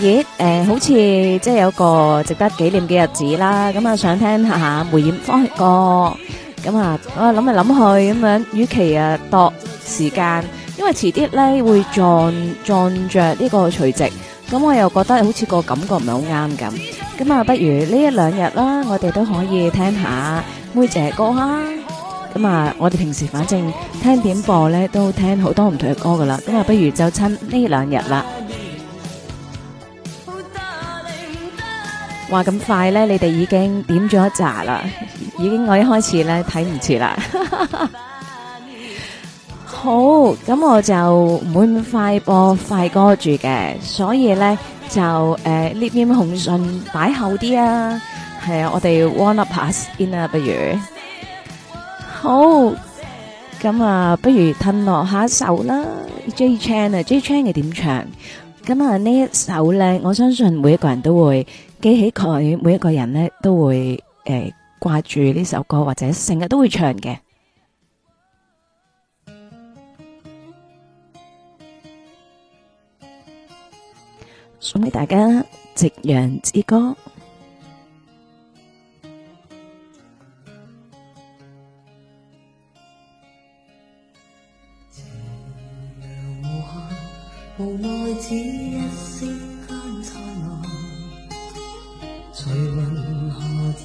咦，誒、呃，好似即係有個值得紀念嘅日子啦，咁啊想聽下梅艷芳嘅歌，咁啊我諗嚟諗去咁樣，與其啊度時間，因為遲啲咧會撞撞著呢個除夕，咁我又覺得好似個感覺唔係好啱咁，咁啊不如呢一兩日啦，我哋都可以聽下梅姐歌啦，咁啊我哋平時反正聽點播咧都聽好多唔同嘅歌噶啦，咁啊不如就趁呢兩日啦。話咁快咧，你哋已經點咗一紮啦，已經我一開始咧睇唔住啦。 好，咁我就唔會咁快播快歌住嘅，所以咧就誒呢邊紅唇擺後啲啊，係、呃、啊，我哋 warm up 下先啊，不如好咁啊，不如吞落下，下一首啦，J Chan 啊，J Chan 嘅點唱，咁啊呢一首咧，我相信每一個人都會。記起佢每一個人咧，都會誒掛住呢首歌，或者成日都會唱嘅。送俾大家《夕陽之歌》。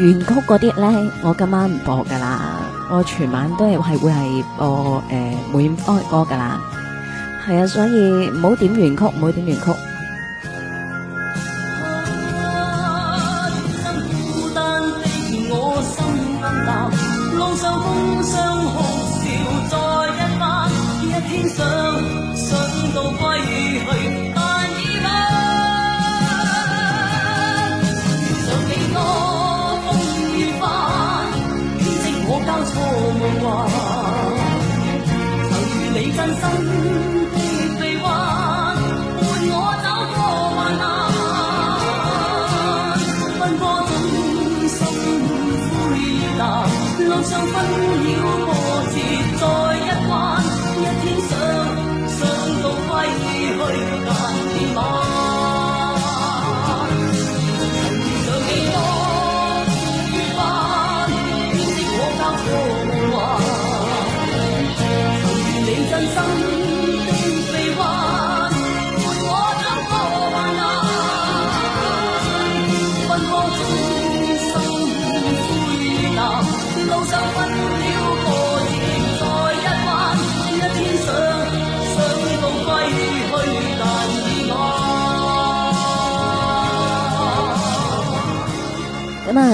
原曲嗰啲咧，我今晚唔播噶啦，我全晚都係會係播誒梅艷芳嘅歌噶啦，係啊，所以唔好點原曲，唔好點原曲。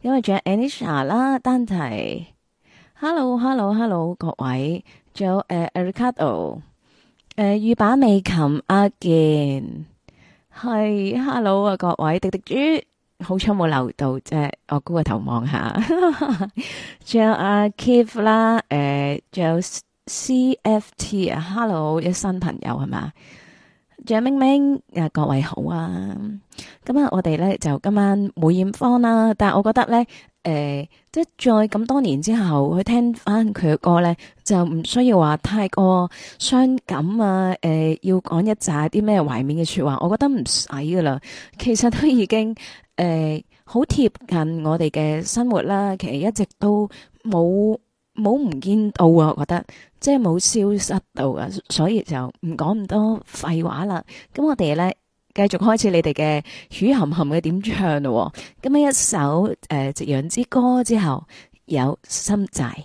因為仲有 Anisha 啦，丹提，Hello，Hello，Hello，hello, 各位，仲有誒 Ricardo 誒羽板美琴阿健，係、啊啊、Hello 啊各位，滴滴豬，呃、好彩冇留到即係我估個頭望下，仲 有阿、啊、Kev 啦，誒、啊、仲有 CFT 啊，Hello，一新朋友係咪？是張明明，啊 各位好啊！今日，我哋咧，就今晚梅艷芳啦。但係我覺得咧，誒、呃，即係再咁多年之後去聽翻佢嘅歌咧，就唔需要話太過傷感啊！誒、呃，要講一扎啲咩懷緬嘅說話，我覺得唔使噶啦。其實都已經誒好貼近我哋嘅生活啦。其實一直都冇。冇唔見到啊，我覺得即係冇消失到啊，所以就唔講咁多廢話啦。咁我哋咧繼續開始你哋嘅雨含含嘅點唱咯、哦。咁喺一首誒《夕陽之歌》之後，有心債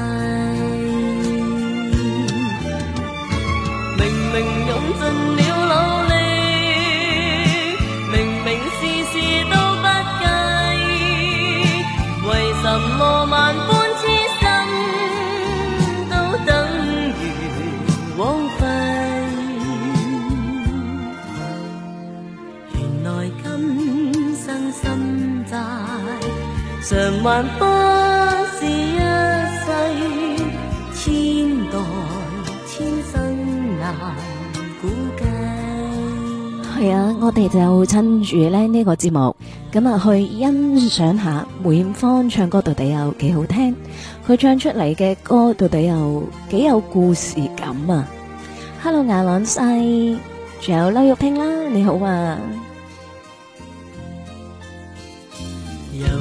不是一世，千代千生難估計。係啊，我哋就趁住咧呢、這個節目，咁啊去欣賞下梅艷芳唱歌到底有幾好聽，佢唱出嚟嘅歌到底有幾有故事感啊！Hello，亞朗西，仲有劉玉萍啦，你好啊！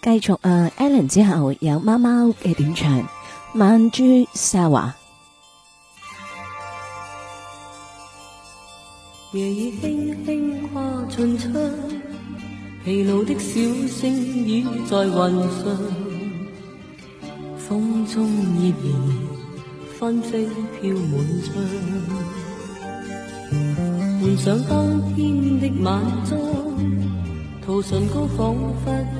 繼續啊，Allen 之後有貓貓嘅點唱《曼珠沙華》。夜已輕輕跨進窗，疲勞的小星倚在雲上，風中葉兒紛飛飄滿窗。回想當天的晚裝，塗唇膏仿佛。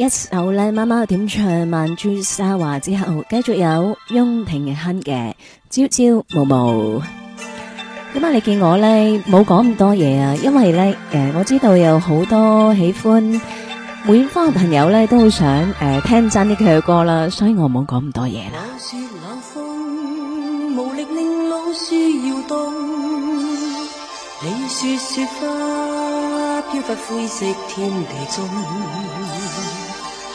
一首咧，媽媽點唱《萬珠沙華》之後，繼續有翁婷嘅亨嘅《朝朝暮暮》。點解你見我咧冇講咁多嘢啊？因為咧，誒，我知道有好多喜歡梅艷芳嘅朋友咧，都好想誒聽真啲佢嘅歌啦，所以我冇講咁多嘢啦。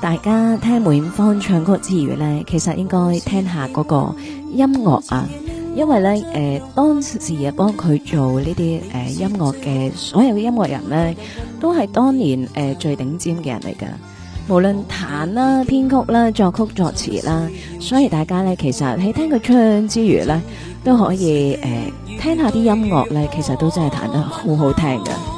大家聽梅艷芳唱歌之餘呢，其實應該聽下嗰個音樂啊，因為呢誒、呃，當時啊幫佢做呢啲誒音樂嘅所有嘅音樂人呢都係當年誒、呃、最頂尖嘅人嚟噶，無論彈啦、編曲啦、作曲作詞啦，所以大家呢其實喺聽佢唱之餘呢都可以誒、呃、聽下啲音樂呢其實都真係彈得好好聽嘅。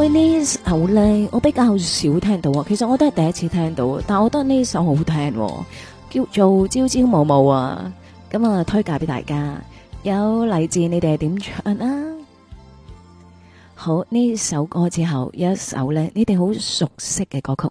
喂，呢首咧，我比較少聽到，其實我都係第一次聽到，但我覺得呢首好聽。哦，叫做《朝朝暮暮》啊，咁啊推介俾大家。有黎志，你哋點唱啦，啊？好，呢首歌之後，有一首咧，你哋好熟悉嘅歌曲。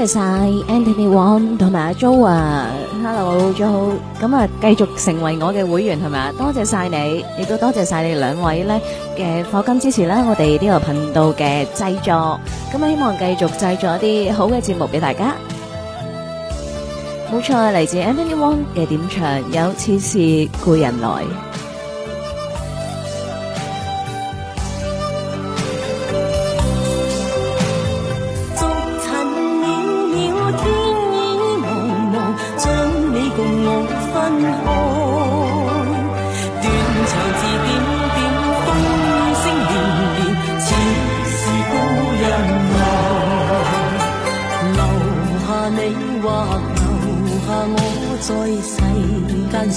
多謝晒 Anthony Wong 同埋阿 Jo 啊，Hello Jo，咁啊繼續成為我嘅會員係咪啊？多謝晒你，亦都多謝晒你兩位咧嘅課金支持啦，我哋呢個頻道嘅製作，咁啊希望繼續製作一啲好嘅節目俾大家。冇錯，嚟自 Anthony Wong 嘅《點唱》，有似是故人來。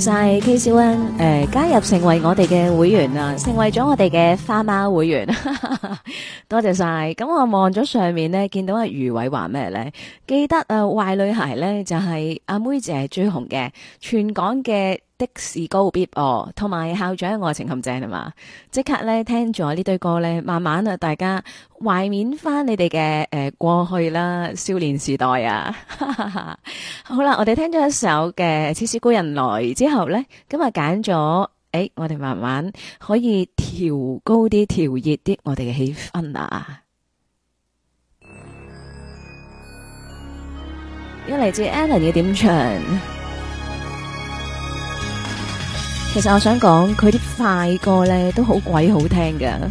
曬 KC One、呃、加入成為我哋嘅會員啊，成為咗我哋嘅花貓會員。 多謝晒，咁我望咗上面咧，見到阿余偉話咩咧？記得啊，壞女孩咧就係阿妹姐最紅嘅《全港嘅的士高必哦，同埋校長嘅《愛情陷阱》係嘛？即刻咧聽咗呢堆歌咧，慢慢啊，大家懷念翻你哋嘅誒過去啦，少年時代啊！哈哈哈！好啦，我哋聽咗一首嘅《似是故人來》之後咧，今日揀咗。誒，我哋慢慢可以調高啲、調熱啲我哋嘅氣氛啦。一嚟自 Alan 嘅點唱，其實我想講佢啲快歌咧都好鬼好聽㗎。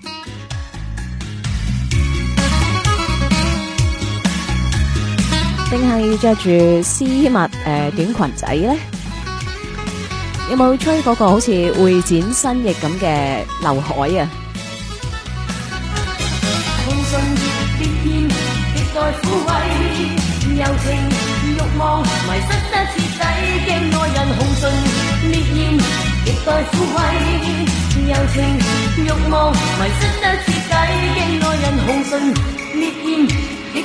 你着住絲襪誒，短裙仔咧，有冇吹嗰個好似會展新翼咁嘅劉海啊？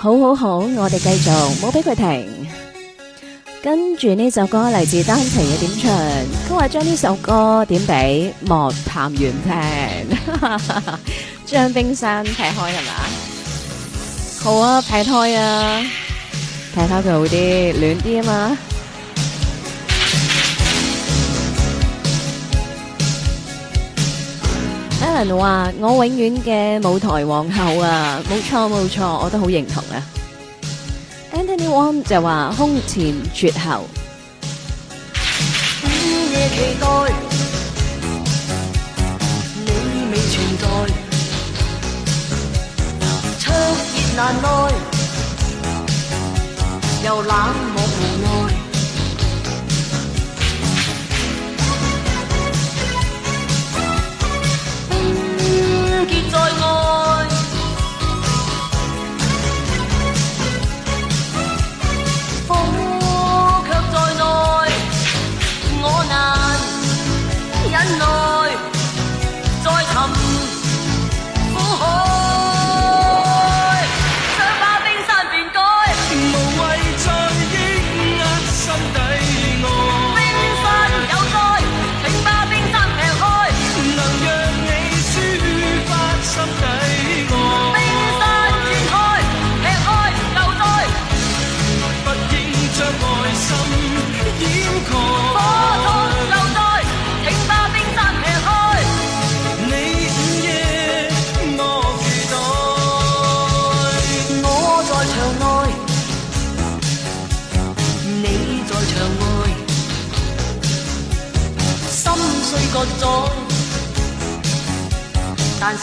好好好，我哋繼續，唔好俾佢停。跟住呢首歌嚟自單曲嘅點唱，佢話將呢首歌點俾莫談元聽，將 冰山劈開，係咪？好啊，劈開啊，劈開佢好啲，暖啲啊嘛。Alan 話：我永遠嘅舞台皇后啊，冇錯冇錯，我都好認同啊。Anthony Wong 就話空前絕後。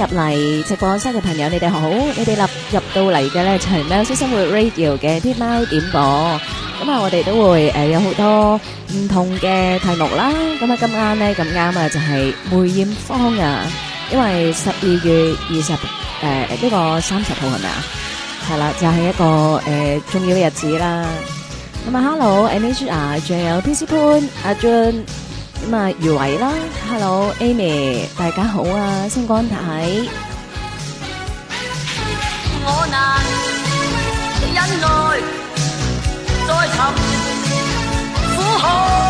入嚟直播室嘅朋友，你哋好，你哋入入到嚟嘅咧，係喵式生活 Radio 嘅天喵點播，咁啊，我哋都會誒有好多唔同嘅題目啦。咁啊，今日咧咁啱啊，就係梅艷芳啊，因為十二月二十誒呢個三十號係咪啊？係啦，就係一個誒重要嘅日子啦。咁啊，Hello，Angel 啊，仲有 PC Poon 阿 Jun。咁啊，余偉啦，Hello Amy，大家好啊，星光體。我難忍耐，再尋苦海。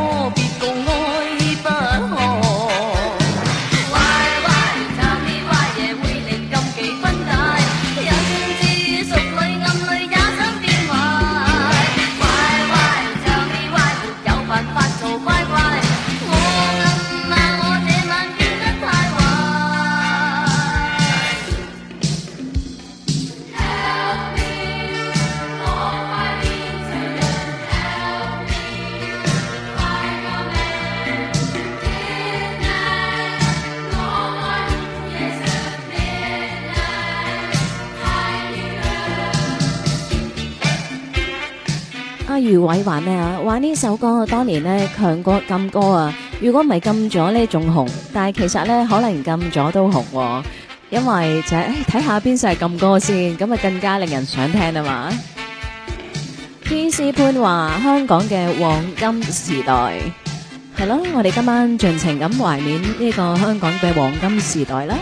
首歌當年咧強國禁歌啊！如果唔係禁咗咧仲紅，但係其實咧可能禁咗都紅，因為就係睇下邊首係禁歌先，咁啊更加令人想聽啊嘛！PC 潘話香港嘅黃金時代係咯，我哋今晚盡情咁懷念呢個香港嘅黃金時代啦。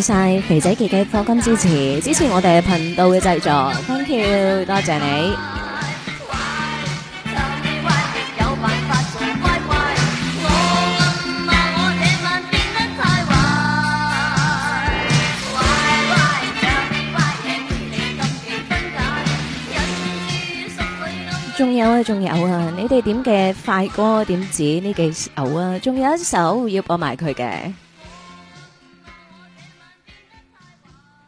晒肥仔杰嘅課金支持，支持我哋嘅頻道嘅製作，thank you，多謝你。仲有啊，仲有啊，你哋點嘅快歌點止呢？幾首啊，仲有一首要播埋佢嘅。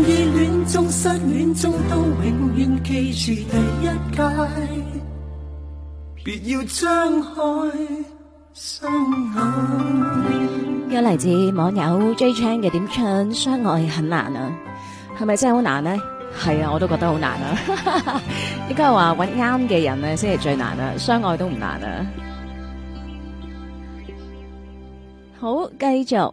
意戀中、失戀中都永遠記住第一節，別要張開雙眼。有來自網友 J Chang 嘅點唱，相愛很難啊，係咪真係好難呢？係啊，我都覺得好難啊！ 應該係話搵啱嘅人咧，先係最難啊，相愛都唔難啊。好，繼續。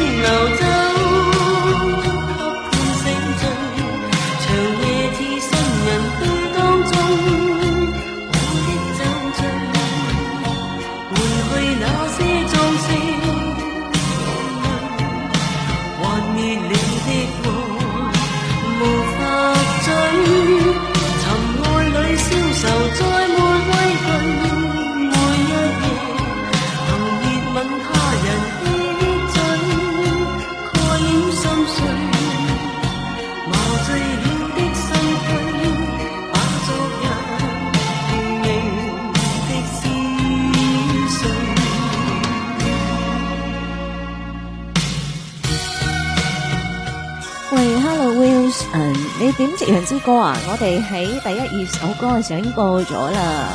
之歌啊，我哋喺第一二首歌嘅時候已經播咗啦，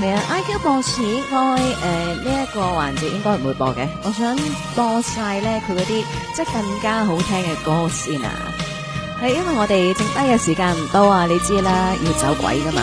係啊，IQ 博士，應該誒呢一個環節應該唔會播嘅。我想播晒咧佢嗰啲即係更加好聽嘅歌先啊，係因為我哋剩低嘅時間唔多啊，你知啦，要走鬼噶嘛。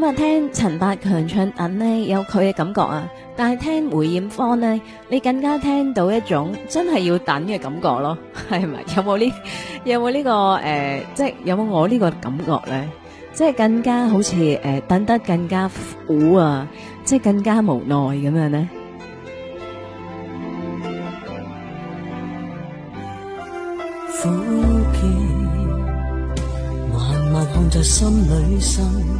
今日聽陳百強唱等呢，有佢嘅感覺啊！但係聽梅艷芳咧，你更加聽到一種真係要等嘅感覺咯，係咪？有冇呢？有冇呢、這個誒？即、呃、係、就是、有冇我呢個感覺咧？即、就、係、是、更加好似誒、呃，等得更加苦啊！即、就、係、是、更加無奈咁樣呢？苦澀慢慢控在心裏生。深。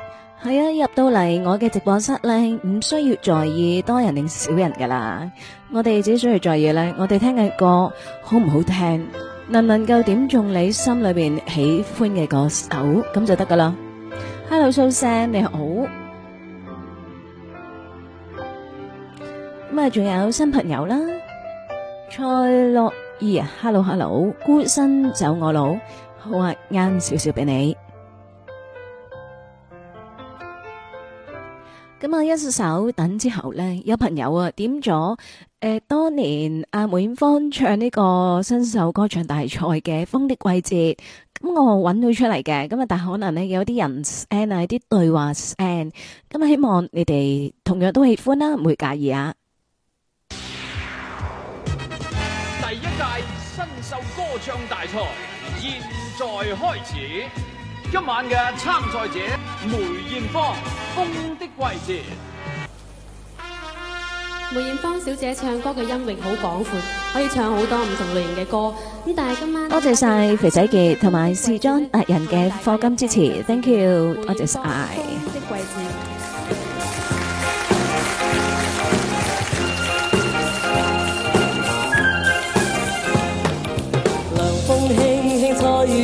係啊，入到嚟我嘅直播室咧，唔需要在意多人定少人噶啦。我哋只需要在意咧，我哋聽嘅歌好唔好聽，能唔能夠點中你心裏邊喜歡嘅歌手，咁就得噶啦。Hello Susan，你好。咁啊，仲有新朋友啦，蔡樂意啊、yeah，Hello Hello，孤身走我路。好啊，啱少少俾你。咁啊、嗯！一首等之後呢，有朋友點、呃、啊點咗誒，當年阿梅艷芳唱呢個新秀歌唱大賽嘅《風的季節》，咁、嗯、我揾到出嚟嘅。咁、嗯、啊，但可能呢，有啲人 send 啊啲對話 send，咁、嗯嗯、希望你哋同樣都喜歡啦，唔會介意啊！第一屆新秀歌唱大賽現在開始。今晚嘅參賽者梅艷芳《風的季節》。梅艷芳小姐唱歌嘅音域好廣闊，可以唱好多唔同類型嘅歌。咁但係今晚多謝曬肥仔傑同埋時裝藝人嘅課金支持，Thank you，多謝晒。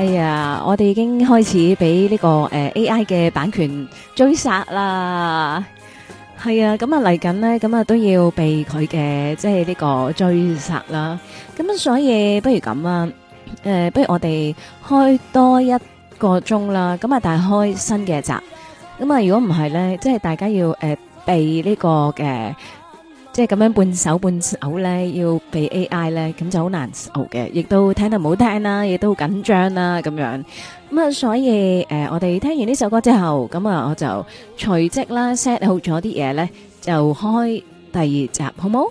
哎呀，我哋已經開始俾呢個誒 AI 嘅版權追殺啦，係啊，咁啊嚟緊呢，咁啊都要被佢嘅即係呢個追殺啦。咁啊，所以不如咁啊，誒，不如我哋開多一個鐘啦。咁啊，但開新嘅集。咁啊，如果唔係呢，即係大家要誒被呢個嘅。即係咁樣半手半手咧，要俾 AI 咧，咁就好難受嘅，亦都聽得唔好聽啦，亦都好緊張啦，咁樣咁啊，所以誒，我哋聽完呢首歌之後，咁啊，我就隨即啦 set 好咗啲嘢，咧，就開第二集，好冇？